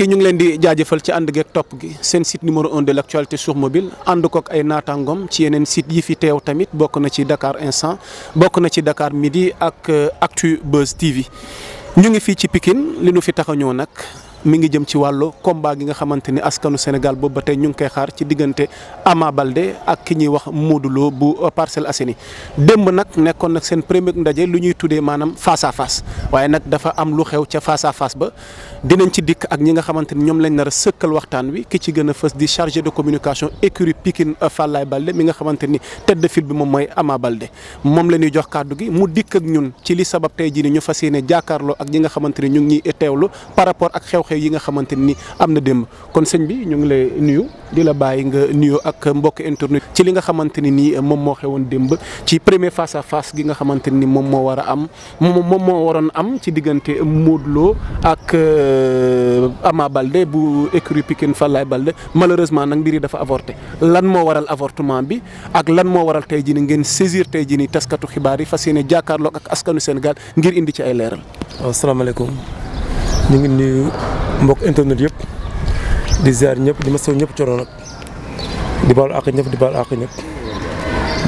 mbokk ñu ngi leen di jaajëfal ci ànd geeg topp gi seen site numéro un de l'actualité sur mobile ànd kook ay naataangoom ci yeneen site yi fi teew tamit bokk na ci Dakar Instant bokk na ci Dakar Midi ak euh, Actu Buzz TV ñu ngi fii ci pikin li nu fi tax a ñëw nag. mi ngi jëm ci wàllu combat gi nga xamante ni askanu Sénégal boobu ba tey ñu ngi koy xaar ci diggante Ama Baldé ak ki ñuy wax Modou Lo bu Parcelles Assainies démb nag nekkoon nag seen premier ndaje lu ñuy tuddee maanaam face à face waaye nag dafa am lu xew ca face à ba dinañ ci dikk ak ñi nga xamante ni ñoom lañ nar a sëkkal waxtaan wi ki ci gën a fës di chargé de communication écurie Pikine Fallaye Baldé mi nga xamante ni tête de file bi moom mooy Ama Baldé moom la ñuy jox kàddu gi mu dikk ak ñun ci li sabab tey jii ni ñu fas yéene jàkkaarloo ñi nga xamante ni ñu ngi ñuy teewlu par rapport ak xew xew yi nga xamante ni am na démb kon sëñ bi ñoo ngi lay nuyu di la bàyyi nga nuyoo ak mbokk internet ci li nga xamante ni nii moom moo xewoon démb ci premier face à face gi nga xamante nii moom moo war a am moom moo waroon am ci diggante Modou Lo ak euh, Ama Balde bu écurie Pikine Falaye Balde malheureusement nag mbir yi dafa avorté lan moo waral avortement bi ak lan moo waral tey jii ni ngeen saisir tey jii ni taskatu xibaar yi fas yéene jàkkaarloo ak askanu Sénégal ngir indi ci ay leeral. asalaamaaleykum. ñu ngi nuyu mbokk internet yëpp di ziar ñëpp di masawu ñëpp coro nag di baalu àq ñëpp di baalu àq ñëpp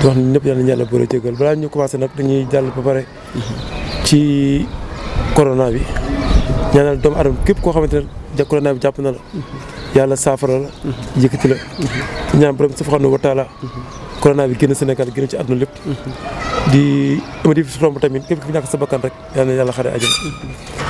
di wax ñëpp yàlla yàlla boole jégal balaa ñu commencé nag dañuy jàll ba pare ci corona bi ñaanal doomu aadama képp koo xamante ne ja corona bi jàpp na la yàlla saafara la yëkkati la ñaan borom subhanahu wa taala corona bi génn Sénégal génn ci àdduna lépp. di amati fi romb tamit képp ku sa bakkan rek yal na yàlla xare àjjana.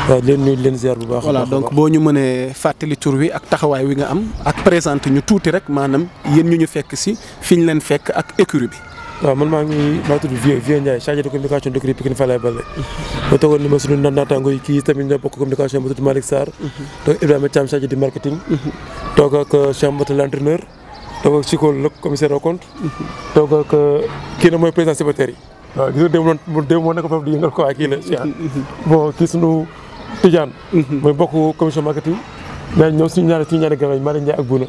waaw leen nuyu leen ziar bu baax. voilà donc boo ñu mënee fàttali tur wi ak taxawaay wi nga am ak présenté ñu tuuti rek maanaam yéen ñu ñu fekk si fi ñu leen fekk ak écurie bi. waaw man maa ngi maa ngi tudd Vieux Vieux Ndiaye chargé de communication de l'écurie Pikine Falaye Baldé ma ni ma suñu naataango yi kii tamit ñoo bokk communication ba tudd Malick Sarr donc mhm. Ibrahima Thiam chargé du marketing mhm. toog euh, toog ak Chicol le commissaire aux comptes. toog ak kii na mooy président secrétaire yi. waaw gis nga démb loon démb moo nekk foofu di yëngal ko waa kii la bon mooy bokk commission marketing. daañu ñëw suñu ñaari suñu ñaari gàllankoor Malick Ndiaye ak Bouna.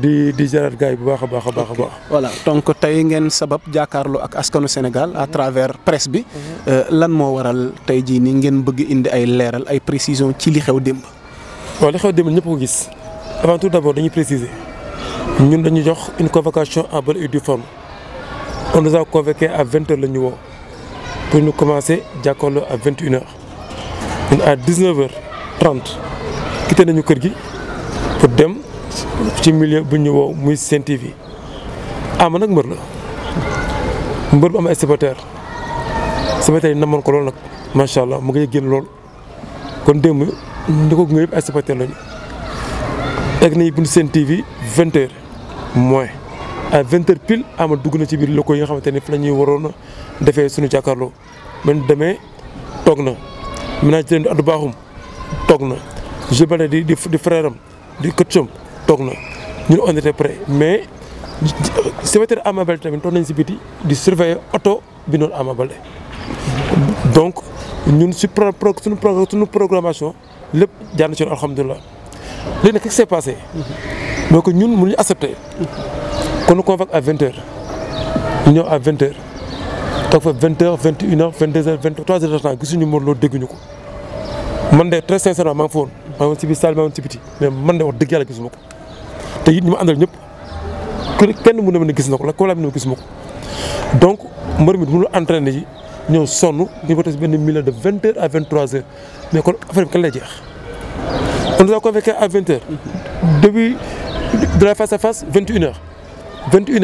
di di jaraat gars yi baax a baax a baax a baax. voilà donc tey ngeen sabab jàkkaarloo ak askanu Sénégal à travers presse bi. Euh, lan moo waral tey jii nii ngeen bëgg indi ay leeral ay précisions ci li xew démb. waaw li xew démb ñëpp ko gis avant tout d' dañuy préciser. ñun dañu jox une convocation en bonne et due forme on nous a convoqué à vingt la ñu woo pour ñu commencer jàkkaarloo à vingt une heures ñun à dix neuf heures trente quitté nañu kër gi pour dem ci milieu bu ñu woo muy Sen TV ama nag mbër la mbër bu am ay supporters supporters yi namoon ko loolu nag macha allah mu ngi génn lool kon démb ñu ko gunge yëpp ay supporters lañu TV moins à vingt heures pile a dugg na ci biir locaux yi nga xamante ni fi la ñuy waroon a defee suñu jàkkaarloo man demee toog na ménage leen di addu baaxum toog na Jules di di di frère am di coacham toog na ñun on mais secrétaire Ama Baldé nañ si biti di surveiller oto bi noonu Ama Baldé donc ñun su pro suñu pro suñu programmation lépp jaar na ci woon alhamdulilah léegi nag qu'est-ce qui donc ñun mënuñu accepter kon ñu convoque à vingt heures ñu ñëw à vingt heures toog fa vingt heures vingt une heures vingt deux heures vingt trois heures de temps gisuñu Modou Lo dégguñu ko man de très sincèrement maa ngi fa woon maa ngi woon si biir salle maa ngi woon si biti mais man de wax dëgg yàlla gisuma ko te it ñu ma àndal ñëpp kenn mën na mën a gis na ko la ko laa mën a gis ma ko donc mbër mi mënul entraîné yi ñëw sonn ñu ba toog si benn milieu de vingt heures à vingt trois heures mais kon affaire bi kan lay jeex on nous a convoqué à vingt heures depuis de la face à face vingt et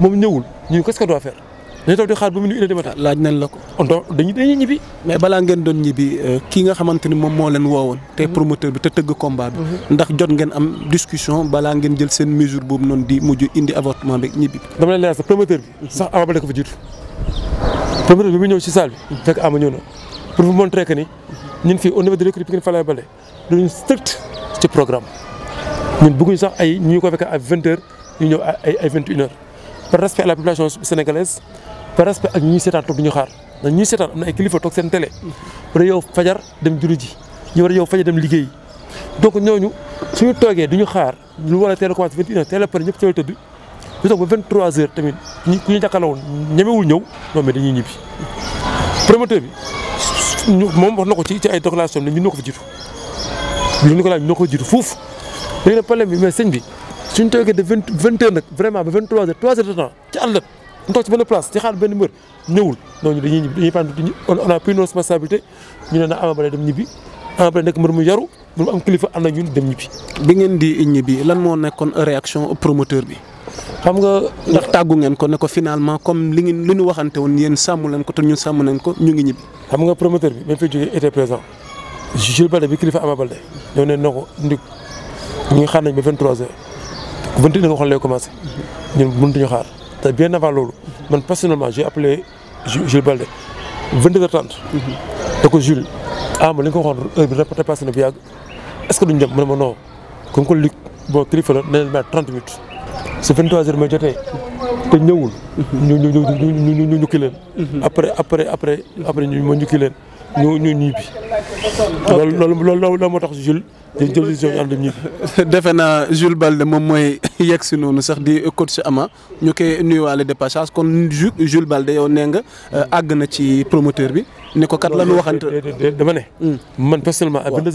moom ñëwul ñu qu'est-ce qu'on doit faire dañu laaj nañ la ko donc dañuy dañuy ñibbi mais balaa ngeen doon ñibbi euh, kii nga xamante ni moom moo leen woowoon te mhm. promoteur bi te tëgg combat bi mhm. ndax jot ngeen am discussion balaa ngeen jël seen mesure boobu noonu di mujj indi avortement bi ñibbi dama leen leer sa promoteur bi mhm. sax Ama Baldé ko fa jiitu promoteur bi mu ñëw si salle bi fekk Ama ñëw na pour vous montrer que ni ñun fii au niveau de l'écurie Pikine ñun bëgguñu sax ay ñu ko fekk à vingt ñu ñëw ay ay vingt par respect à la population sénégalaise par ak ñuy seetaan toog ñu xaar ndax ñuy seetaan ay kilifa toog seen yow fajar dem julli ji ñu yow fajar dem liggéey donc ñooñu ñu xaar lu war a teel a commencé vingt une heures ñëpp ci lay tëdd ñu toog ba vingt tamit ñi ku ñu jàkkaarloo ñëw non mais dañuy ñibbi promoteur bi moom wax na ko ci ci ay déclaration ne ñun ñoo ko fa jiitu ñun ñu ko laaj ñoo ko jiitu foofu léegi nag problème bi mais sëñ bi suñ toogee de vingt vingt heures nag vraiment ba vingt trois heures trois heures de temps ci àll ñu toog ci benn place ci xaar ñëwul ñooñu a pris nos ñu ne dem ñibbi Ama Baldé nekk mbër mu yaru am kilifa ànd ak ñun dem ñibbi. ngeen di ñibbi lan moo nekkoon réaction promoteur bi. xam nga ndax tàggu ngeen ko ne ko finalement comme li ngeen li ñu waxante wu yéen sàmm leen ko te ñun sàmm leen ko ñu ngi ñibbi. xam nga promoteur bi ba mu fay jógee était présent ba Baldé bi kilifa Ama Baldé ñoo ne na ko ndik ñu xaar nañ ba 23h 21h nga xool lay commencé ñun mëntuñu xaar te bien avant loolu man personnellement j'ai appelé Jules Balde 22h30. da ko Jules ah ma li nga ko waxoon heure bi répété passé na bu yàgg est-ce que duñ dem mu ne ma non comme que Luc bon kilifa la nee nañ 30 minutes su 23h may jotee te ñëwul. ñu ñu ñu ñu ñu ñu ñu ñu kii leen. Mhm. après après après après ñu ma ñu kii leen ñu ñu ñibbi. loolu loolu loolu moo tax Jules jël jël décision ñu ànd ñi defe naa Jules Balde moom mooy yegg si noonu sax di coach Ama ñu koy nuyuwaale de kon Jules Balde yow nee euh, àgg na ci promoteur bi ne ko kat la ñu waxante. ne. man fekkee ma ko. wax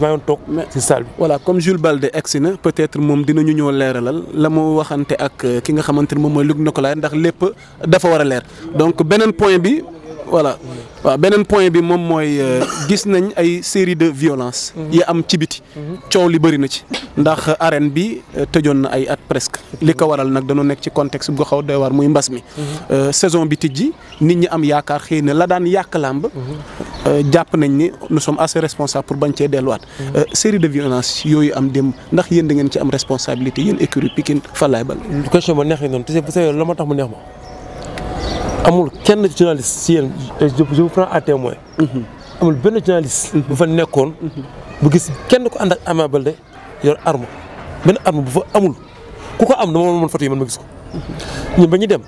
maa ngi toog si salle bi. voilà comme Jules Balde egg na peut-être moom dinañu ñëw leeralal la mu waxante ak. Euh, ki nga xamante ne moom mooy Luc Nicolaï ndax lépp dafa war a leer donc beneen point bi voilà waaw beneen point bi moom mooy euh, gis nañ ay série de violence mhm. yi am ci biti mhm. coow li bëri na ci ndax arène bi euh, tëjoon na ay at presque li ko waral nag dañoo nekk ci contexte bu ko xaw doy war muy mbas mi mhm. euh, saison bi tijji nit ñi am yaakaar xëy na la daan yàq làmb jàpp nañ ni nous sommes assez responsables pour bañ cee delluwaat série de violence yooyu am démb ndax yéen da ngeen ci am responsabilité yéen écurie Pikine Falaye yi noonu te bu la ma tax mu neex ma amul kenn journaliste si yéen je vous prends à témoin mhm. amul benn journaliste mhm. bu fa nekkoon mhm. bu gis kenn ko ànd ak Ama Baldé yor arme benn arme bu fa amul ku ko am dama mën photo yi man ma gis ko ñun ba ñu dem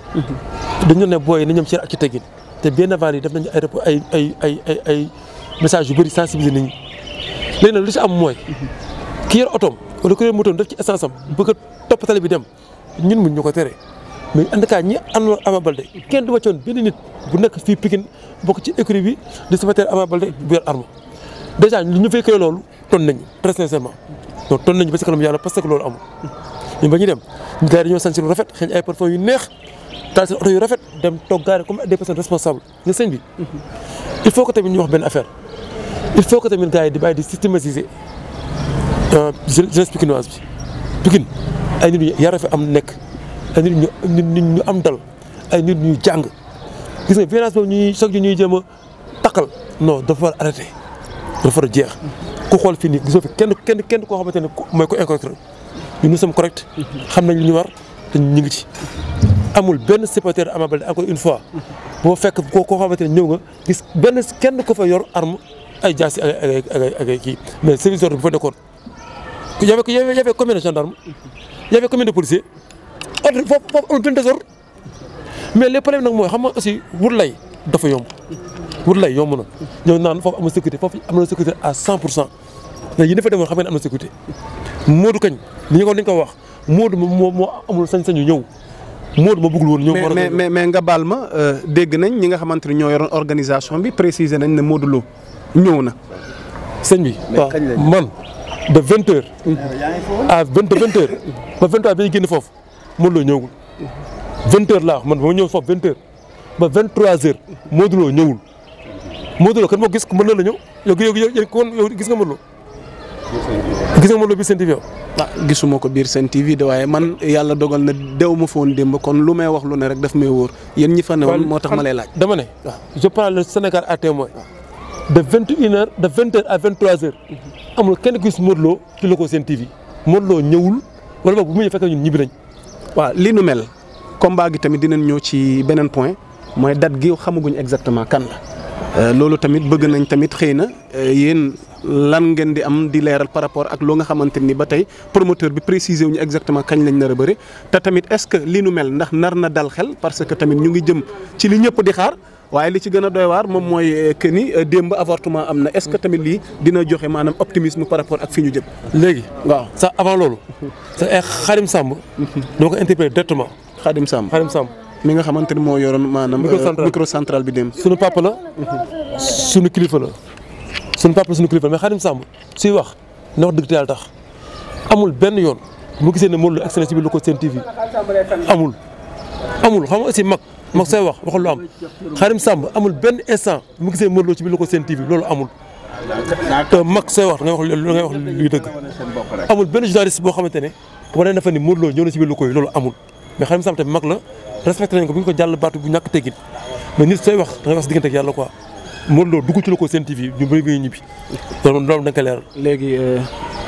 dañu ne booy na ñoom ci ak ci teggin te bien avant yi def nañu ay ay ay ay message yu bëri sensibiliser nit ñi léegi nag lu am mooy ki yor otoom wala ku yor motoom def ci essence am bëgg a topp tali bi dem ñun mun ñu ko tere mais en tout cas ñi àndoon Ama Baldé kenn du wàccoon benn nit bu nekk fii pikin bokk ci écurie bi di supporter Ama Baldé bu yor arme dèjà ñu fay créé loolu ton nañu très sincèrement donc ton nañu parce que yàlla parce que loolu amul. ñun ba ñu dem ñu gars yi dañoo lu rafet xëy ay parfum yu neex taal seen oto yu rafet dem toog gaare comme des personnes responsables il faut que tamit ñu wax benn affaire il faut que tamit gars yi di bàyyi di systématiser euh, jeunesse pikinoise bi Pikine ay nit yu yar fi am nekk. ay nit ñu ñu am dal ay nit ñu jàng gis nga violence boobu ñuy soog ñuy jéem a takkal non dafa war a arrêté dafa war a jeex ku xool fii nii gisoo fi kenn kenn kenn koo xamante ne mooy ko incorrect ñu nous sommes correct xam nañ li ñu war te ñu ngi ci amul benn supporter Ama Baldé encore une fois boo fekk koo koo xamante ne ñëw nga gis benn kenn ko fa yor arme ay jaasi a ay ak ay kii mais service d'ordre bu fa nekkoon y avait y avait combien de gendarmes y avait combien de foofu mais les problèmes nag mooy xam nga aussi wut lay dafa yomb wut lay yomb na ñëw naan foofu amul sécurité foofu am na sécurité à 100 pour cent mais yi dafa demoon xam ngeen am na sécurité Modou kañ li ñu ko ko wax Modou moo moo amul sañ-sañu ñëw. Modou ma bëggul woon ñoom. war mais mais nga baal ma euh, dégg nañ ñi nga xamante ni ñoo organisation bi préciser nañ ne Modou loo ñëw na. sañ bi waaw man de vingt heures. Ah, à vingt vingt a ba vingt ñu génn foofu. Modou Lo ñëwul vingt heures laa wax man ba ñëw foofu vingt ba vingt trois heures Modou Lo ñëwul Modou kan moo gis mën na la ñëw yow yow kon yow gis nga Modou Lo gis nga Modou Lo biir seen TV yow ah gisuma ko biir seen TV de waaye man yàlla dogal na dew ma foon démb kon lu may wax lu ne rek daf may wóor yéen ñi fa newoon moo tax ma lay laaj dama ne ah. je prends le Sénégal à témoin de vingt une heures de vingt heures à vingt trois heures amul kenn gis Modou ci la ko seen TV Modou ñëwul wala boog bu mu ñëw fekk ñun ñibbi nañ waaw li nu mel combat gi tamit dinañ ñëw ci beneen point mooy date gi xamaguñ exactement kan la euh, loolu tamit bëgg nañ tamit xëy na euh, yéen lan ngeen di am di leeral par rapport ak loo nga xamante ni ba tey promoteur bi préciser wuñu exactement kañ lañ nar a bëri te tamit est-ce que li nu mel ndax nar na dal xel parce que tamit ñu ngi jëm ci li ñëpp di xaar. waaye li ci gën a doy waar moom mooy euh, que ni euh, démb avortement am na est-ce que tamit lii dina joxe maanam optimisme par rapport ak fi ñu jëm. léegi waaw sax avant loolu. sa Xadim eh, Samb. doo ko interpellé directement. Xadim Samb Xadim Samb. mi nga xamante ni moo yoroon maanaam. Euh, microcentral bi démb. sunu papa suñu kilifa la. sunu papa la sunu kilifa la mais Xadim Samb suy wax na wax dëgg te yàlla tax amul benn yoon mu gisee ne Modou Lo ak Sen TV lu ko Sen TV amul amul ma sooy wax waxul lu am Xarim Samb amul benn instant mu gisee Modou Lo ci biir Loco Sen TV loolu amul. te mag sooy wax nga wax lu nga wax luy dëgg. amul benn journaliste boo xamante ne wane na fa ni Modou Lo ñëw na ci biir Loco yi loolu amul. mais Xarim Samb tamit mag la respecté nañ ko bu ñu ko jàll baatu bu ñàkk teggin mais nit sooy wax da ngay wax si diggante ak yàlla quoi. Modou Lo dugg ci Loco Sen TV ñu bëri ngay ñibbi loolu loolu da leeral. léegi euh,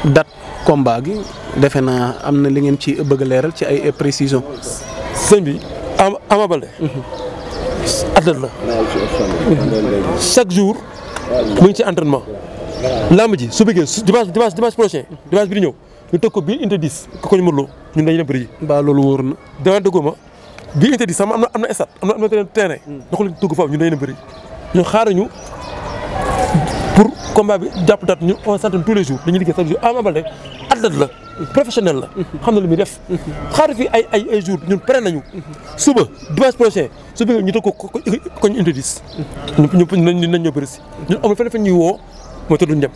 date combat gi defe naa am na li ngeen ci bëgg leeral ci ay précisions. sëñ bi. Ama Baldé athlète la chaque jour mu ngi ci entraînement lamb ji su bëggee su dimanche dimanche dimanche prochain dimanche bi di ñëw ñu bi ko bii unité 10 ko ko ñu mënuloo ñun dañu dem loolu wóor na. dama dëggoo ma bii unité 10 sama am na am na stade am na am na terrain. da ko leen ñu foofu ñun dañu dem bëri ñu xaaruñu pour combat bi jàpp date ñu on s'entraîne tous les jours dañuy liggéey chaque jour Ama Baldé athlète la. professionnel la. xam na lu muy def. xaaral fi ay ay ay jours ñun pare nañu. suba dimanche prochain su fekkee ñu toog ko ko ko ñu interdis. ñu ñu nañ nañ ñoo bëri si. ñun amul fenn fenn ñuy woo mooy te duñ dem.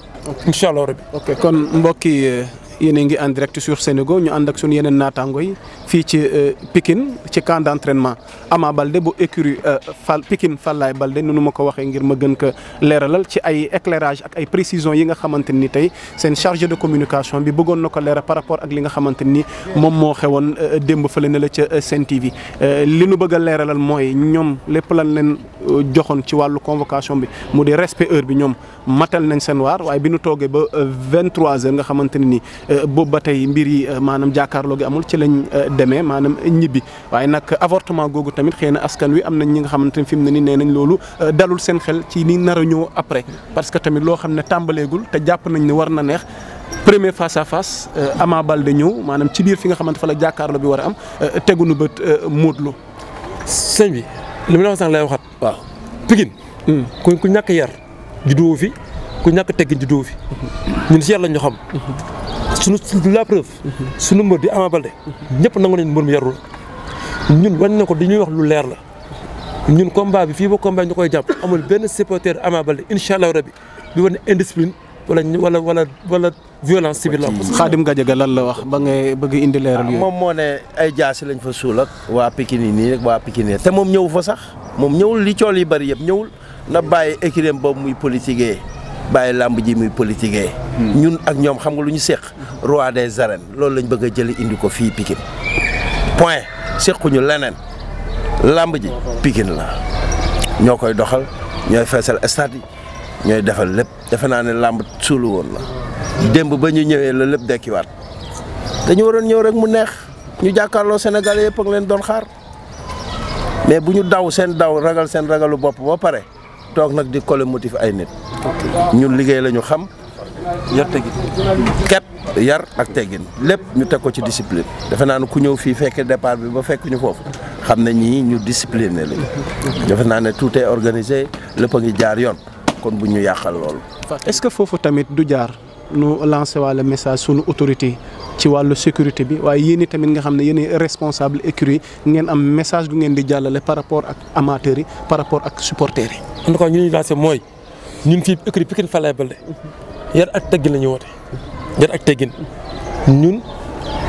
incha allah rabbi. ok kon mbokk yi yéen a ngi en direct sur Sénégo ñu ànd ak soon yeneen naataango yi fii ci euh, pikin ci camp d' amaa Ama Balde bu écurie pikin euh, Pikine Fallaye Balde nu ma ko waxee ngir ma gën ko leeralal ci ay éclairage ak ay précisions yi nga xamante ni tey seen chargé de communication bi bëggoon na ko leeral par rapport ak li nga xamante ni moom moo xewoon euh, démb fële na la ca Sen TV li nu bëgg a leeralal mooy ñoom lépp lan leen joxoon ci wàllu convocation bi mu di respect heure ñoom matal nañ seen waar waaye bi nu toogee ba 23h nga xamante ni. Euh, boob ba tey mbir yi euh, maanaam jàkkaarloo gi amul ci lañ euh, demee maanaam ñibbi waaye nag avortement googu tamit xëy na askan wi am nañ ñi nga xamante ne fi mu ne nii nee nañ loolu dalul seen xel ci ni nar a ñëw après parce que tamit loo xam ne tàmbaleegul te jàpp nañ ne war na neex. premier face à face Ama Baldé ñëw maanaam ci biir fi nga xamante fa la jàkkaarloo bi war a am tegunu bët Modou Lo. sëñ bi li ma la wax sànq lay waxaat. waaw Pikine. Hmm. ku ku ñàkk yar juddoo ku ñàkk teggin ji doo fi ñun si yàlla ñu xam suñu la preuve suñu mbër di Ama Baldé ñëpp nangu nañ mbër mu yarul ñun wan na ko di ñuy wax lu leer la ñun combat bi fii ba combat ñu koy jàpp amul benn supporter Ama Baldé incha allah rabi bi wane indiscipline wala wala wala wala violence civile la. Xaadim Gadiaga lan la wax ba ngay bëgg indi leeral yooyu. moom moo ay jaasi lañ fa suul waa Pikine nii rek waa Pikine te moom ñëw fa sax moom ñëwul li cool yi bari yëpp ñëwul na bàyyi écurie boobu muy politiquer. bàyyi làmb ji muy politique hmm. ñun ak ñoom xam nga lu ñu seq roi des arènes loolu lañ bëgg a jëli indi ko fii Pikine point sequñu leneen làmb ji Pikine la ñoo koy doxal ñooy feesal stade yi ñooy defal lépp defe naa ne làmb suulu woon la démb ba ñu ñëwee la lépp dekkiwaat dañu waroon ñëw rek mu neex ñu jàkkaarloo Sénégalais yëpp a ngi leen doon xaar mais bu ñu daw seen daw ragal seen ragalu bopp ba pare toog nag di coller motif ay nit ñun liggéey la ñu xam yar teggin kat yar ak teggin lépp ñu teg ko ci discipline defe naa ne ku ñëw fii fekke départ bi ba fekkuñu ñu foofu xam ne ñii ñu discipliné lañu defe naa ne tout est organisé lépp a ngi jaar yoon kon bu ñu yàqal loolu est-ce que foofu tamit du jaar nu lancer waale message sunu autorité ci wàllu sécurité bi waaye yéen i tamit nga xam ne yéen responsable écurie ngeen am message gu ngeen di jàllale par rapport ak amateurs yi par rapport ak supporters yi. en tout cas ñu ñu lancé ñun fii écurie Pikine Falaye Baldé ak teggin la ñu woote ak teggin ñun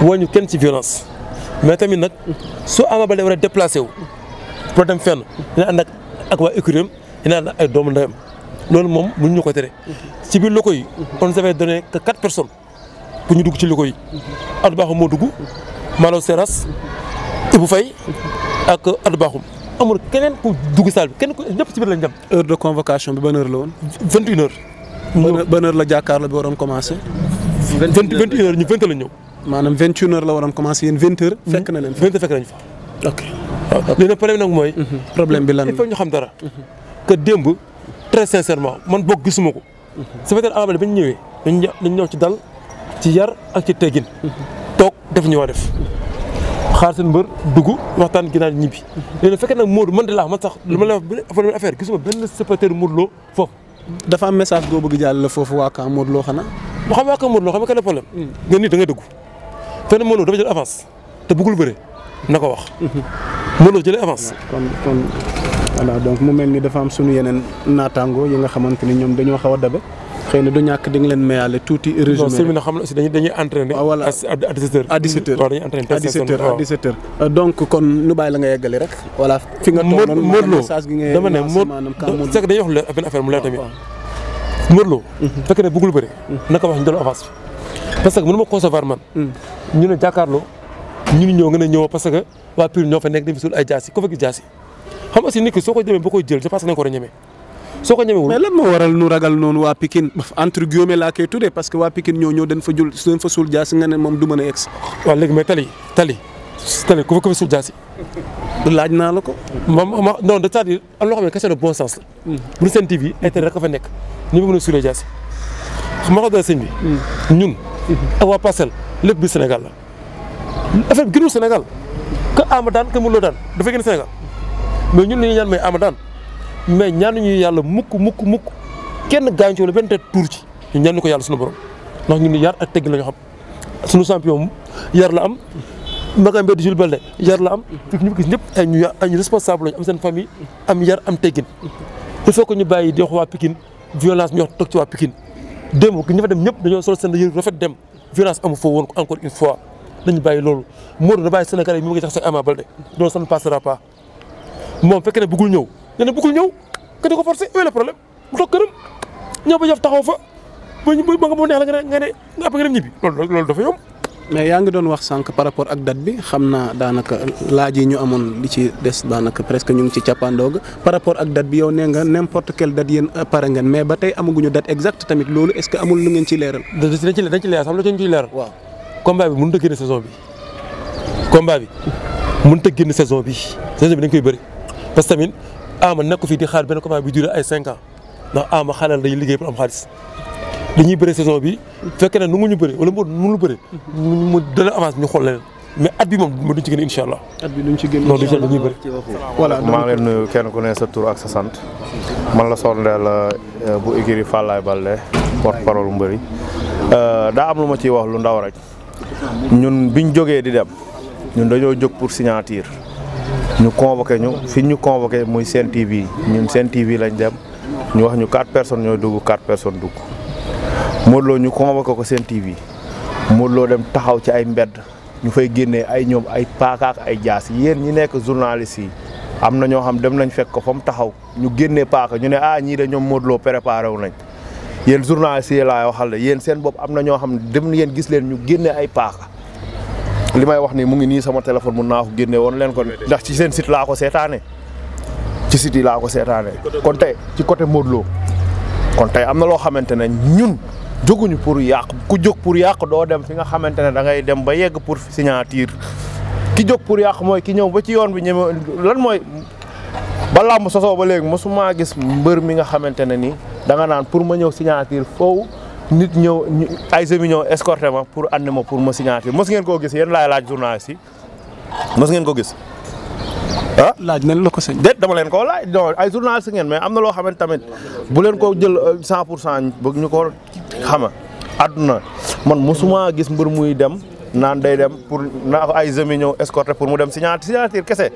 wooñu kenn ci violence mais tamit nag su Ama Baldé war a déplacé wu pour dem fenn dina ànd ak ak waa écurie am dina ànd ak ay doomu ndeyam loolu moom ñu ko tere si biir locaux yi on nous avait donné que quatre personnes. pour ñu dugg ci liggéey at baaxum moo dugg Malo Seras Ibou Faye ak at baaxum amul keneen ku dugg salle bi kenn ku ñëpp ci biir lañ dem. heure de convocation bi ban heure la woon. vingt une heure. mu ban heure la jàkkaarloo bi waroon commencé. vingt une heure vingt une heure ñu vingt la ñëw. maanaam vingt une heure la commencé yéen vingt heures. fekk na leen fa vingt heures fekk mooy. Mhm. problème bi la il faut ñu xam dara. Mhm. que démb très sincèrement man boog gisuma ko. su fekkee ne Ama Baldé ba ñu ñëwee dañu ci dal. ci yar ak ci teggin toog def ñu war def xaar seen mbër dugg waxtaan ginnaaw ñibbi léegi nag fekkee nag Modou man de laa man sax lu ma la wax affaire gisuma benn supporter Modou Lo foofu dafa am message boo bëgg jàll la foofu waa Camp Modou xam waa Camp Modou Lo xam nga quel problème hmm. nga nit da ngay dugg fenn Modou Lo dafa jël avance te bëggul bëre na ko wax hmm. Modou Lo avance kon kon voilà donc mu mel ni dafa am sunu yeneen naataango yi nga xamante ni ñoom dañoo xaw a dabe xëy na du ñàkk di nga leen mayaale tuuti résumé non séminaire xam na aussi dañuy dañuy entraîné. Ah, waaw dañuy entraîné à 17h euh, donc kon nu bàyyi la nga yeggali rek. voilà fi nga toogoon maanaam message gi dama ne Modou c'est que dañuy wax la benn affaire mu ah, mhm. mhm. wax ñu delloo avance parce que mënu ma concevoir man. Mhm. ñu ne jàkkaarloo. ñu ngi ñëw nga ne ñëw parce que waa Pire ñoo fa nekk di fi suul ay jaas yi ku fekk jaas xam aussi nit soo koy soo ko ñemewul mais lan moo waral nu ragal noonu waa Pikine entre guillemets laa koy tuddee parce que waa Pikine ñoo ñoo fa suul jaasi nga ne moom du mën a egg si. waaw léegi mais tali tali tali fa ku fa suul jaasi laaj naa la ko. moom ma non c'est-à-dire am de bon sens la. bu seen TV intérêt rek a fa nekk ñu ngi a suulee jaasi xam nga daal sëñ bi. Hmm. lépp bi Sénégal la. affaire bi gënul Sénégal que Ama daan que Modou daan dafa gën Sénégal mais ñun li ñu ñaan Ama daan. mais ñu yàlla mukk mukk mukk kenn gaañ ci wala benn te tuur ci ñu ñaanu ko yàlla suñu borom ndax ñu yar ak tegg la ñu xam suñu champion mu yar la am Maguette Mbène Jules Baldé yar la am. fi ñu gis ñëpp ñu yar ay am seen famille am yar am teggin il ñu bàyyi di wax waa Pikine ci waa Pikine ki ñu fa dem ñëpp dañoo sol seen yëre dem violence amu foo woon ko encore une fois dañu bàyyi loolu Modou da bàyyi Sénégalais yi moo ngi tax sax Ama Baldé loolu ça ne passera pas moom fekkee ne bëggul ñëw. nee na bëggul ñëw nga ko forcé où est le problème mu toog këram ñëw ba jaf taxaw fa ba ñu ba nga mu neex la nga ne nga ne nga dem ñibbi loolu loolu dafa yomb. mais yaa ngi doon wax sànq par rapport ak date bi xam naa daanaka laaj yi ñu amoon li ci des daanaka presque ñu ngi ci cappaandoo par rapport ak date bi yow nee nga n'importe quelle date yéen euh, pare ngeen mais ba tey amaguñu amul lu ngeen ciy leeral. da dañ ci leeral sax ci leeral. waaw bi mënut a génn bi combat bi génn saison bi saison bi dañ koy bëri ama nekku fi di xaar benn combat bi duré ay cinq ans ndax ama xaalal day liggéey pour am xaalis dañuy bëri saison bi fekkee ne nu mu ñu bëri wala mboolu nu mu bëri mu dana avance ñu xool leneen mais at bi moom duñ ci gën incha allah. at bi duñ ci gën incha allah duñ ci voilà maa ngi leen nuyu sa sant man la sondeel euh, bu écurie Fallaye Balde porte parole mbëri euh, daa am lu ma ciy wax lu ndaw rek ñun biñ jógee di dem ñun dañoo jóg pour signature. ñu convoqué ñu fi ñu convoqué muy Sen TV ñun Sen TV lañ dem ñu wax ñu quatre personnes ñooy dugg quatre personnes dugg Modou Lo ñu convoqué ko Sen TV Modou Lo dem taxaw ci ay mbedd ñu fay génnee ay ñoom ay paaka ak ay jaas yéen ñu nekk journaliste yi am na ñoo xam dem nañ fekk ko fa mu taxaw ñu génne paaka ñu ne ah ñii de ñoom Modou Lo wu nañ yéen journaliste yi waxal la yéen seen bopp am na ñoo xam ne dem yéen gis leen ñu génnee ay paaka. li may wax ni mu ngi nii sama téléphone mu naa ko génne woon leen ko ndax ci seen site laa seetaane ci site yi laa ko seetaane kon tey ci côté Modou kon tey am na loo xamante ne ñun jóguñu pour yàq ku jóg pour yàq doo dem fi nga xamante ne da ngay dem ba yegg pour signature ki jóg pour yàq mooy ki ñëw ba ci yoon bi ñeme lan mooy ba làmb sosoo ba léegi mosumaa gis mbër mi nga xamante ne ni da nga naan pour ma ñëw signature foofu nit ñëw ay semi ñëw escorté ma pour ànd ma pour ma signature mos ngeen koo gis yéen laay laaj journaliste yi mos ngeen ko gis ah. laaj nañ la ko sëñ. déet dama leen koo laaj ay journaliste ngeen mais am na loo xamante tamit bu leen ko jël 100 euh, pour cent bëgg ñu ko xama àdduna man mosuma gis mbër muy dem naan day dem pour naa ko ay semi ñëw escorté pour mu dem signature signature kese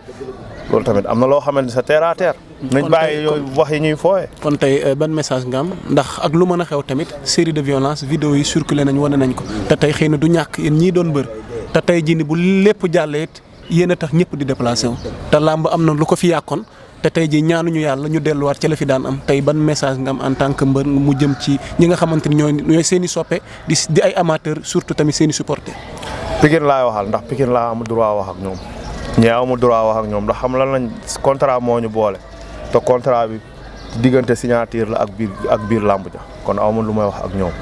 loolu tamit am na loo xamante sa terre à nañ bàyyi yooyu wax yi ñuy fooye kon tey euh, ban message ngam ndax ak lu mën a xew tamit série de violence vidéo yi circulé nañ wane nañ ko te tey xëy na du ñàkk yéen ñii doon bër te tey jii ni bu lépp jàllee yéen a tax ñëpp di déplacé wu te làmb am na lu ko fi yàqoon te tey jii ñaanuñu yàlla ñu delluwaat ci la fi daan am tey ban message nga en tant que mbër mu jëm ci ñi nga xamante ni ñooy ñooy seen i soppe di di ay amateur surtout tamit seeni i supporter Pikine laay waxal ndax Pikine laa am droit wax ak ñoom ñee amu droit wax ak ñoom ndax xam lan lañ contrat moo ñu boole te contrat bi diggante signature la ak biir ak biir làmb ja kon awma lu may wax ak ñoom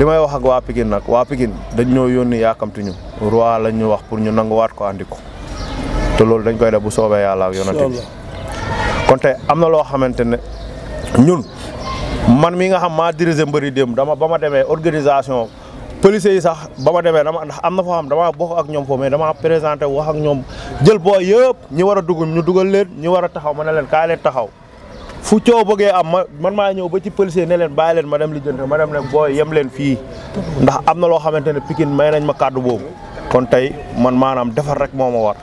li may wax ak waa Pikine nag waa Pikine dañ ñoo yónni yaakamti ñu roi lañ ñu wax pour ñu nanguwaat ko andi ko te loolu dañ koy def bu soobee yàlla ak yonante bi kon tey am na loo xamante ne ñun man mi nga xam maa diriger mbëri dama ba ma demee organisation policiers yi sax ba ma demee dama ndax am na foo xam damaa bokk ak ñoom foofu mais damaa présenté wax ak ñoom jël boo yëpp ñi war a dugg ñu dugal leen ñi war a taxaw ma ne leen kaa taxaw fu coow bëggee am ma man maa ñëw ba ci policier ne leen bàyyi leen ma dem lijjanti ma dem ne boo yem leen fii ndax am na loo xamante ne Pikine may nañ ma kàddu boobu kon tey man maanaam defar rek moo ma war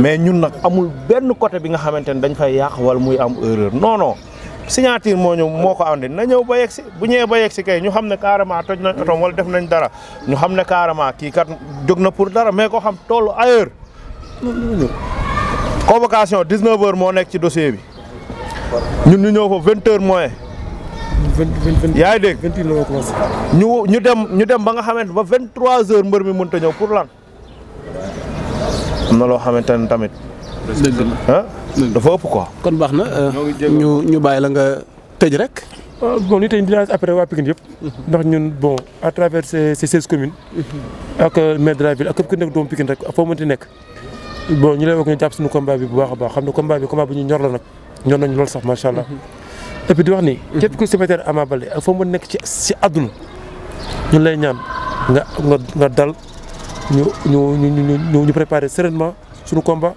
mais ñun nag amul benn côté bi nga xamante ne dañ fay yàq wala muy am erreur non signature moo ñëw moo ko andi na ñëw ba yegg si bu ñëwee ba yegg si kay ñu xam ne carrément toj nañ otom wala def nañ dara ñu xam ne carrément kii kat jóg na pour dara mais ko xam tollu ailleurs convocation 19 heures moo nekk ci dossier bi ñun ñu ñëw fa 20 heures moins. yaa ngi dégg ñu ñu dem ñu dem ba nga xamante ba trois heures mbër mi mënta ñëw pour lan. am na loo xamante ne tamit. dëgg la dafa ëpp quoi. kon baax na euh, ñu ñu bàyyi la nga tëj rek. Euh, bon li tey dinaa après waa Pikine yëpp. Mhm. ndax ñun bon a travers ces ces seize communes. Mhm. ak euh, maire de la ville ak képp ku nekk doomu Pikine rek nekk. bon ñu lay wax suñu combat bi bu baax a baax xam ne combat bi combat bu ñor la nag ñor nañu lool sax macha allah. Mhm. et di wax ni. képp ku supporter Ama Baldé ak foo ma nekk ci si àdduna. ñun lay ñaan nga nga nga dal ñu ñu ñu ñu ñu préparer sereinement suñu komba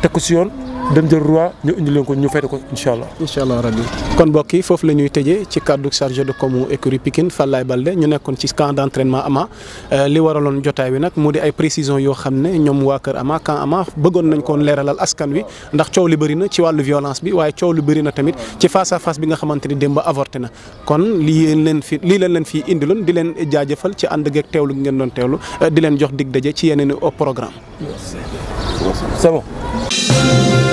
teg ko si yoon. dem jël roi ñu indi ko ñu fete ko incha allah. incha allah rabi kon mbokk yi foofu la ñuy ci kaddu chargé de com écurie Pikine Falaye Baldé ñu nekkoon ci camp d' entraînement Ama euh, li waraloon jotaay wi nag mu di ay précision yoo xam ne ñoom waa kër Ama camp Ama bëggoon nañ koon leeralal askan wi ndax coow li bëri na ci wàllu violence bi waaye coow li bëri na tamit ci face à face bi nga xamante ni démb avorté na kon lii leen fi lii leen leen fii indiloon di leen jaajëfal ci ànd geeg teewlu gi ngeen doon teewlu euh, di leen jox dig daje ci yeneen programme. C'est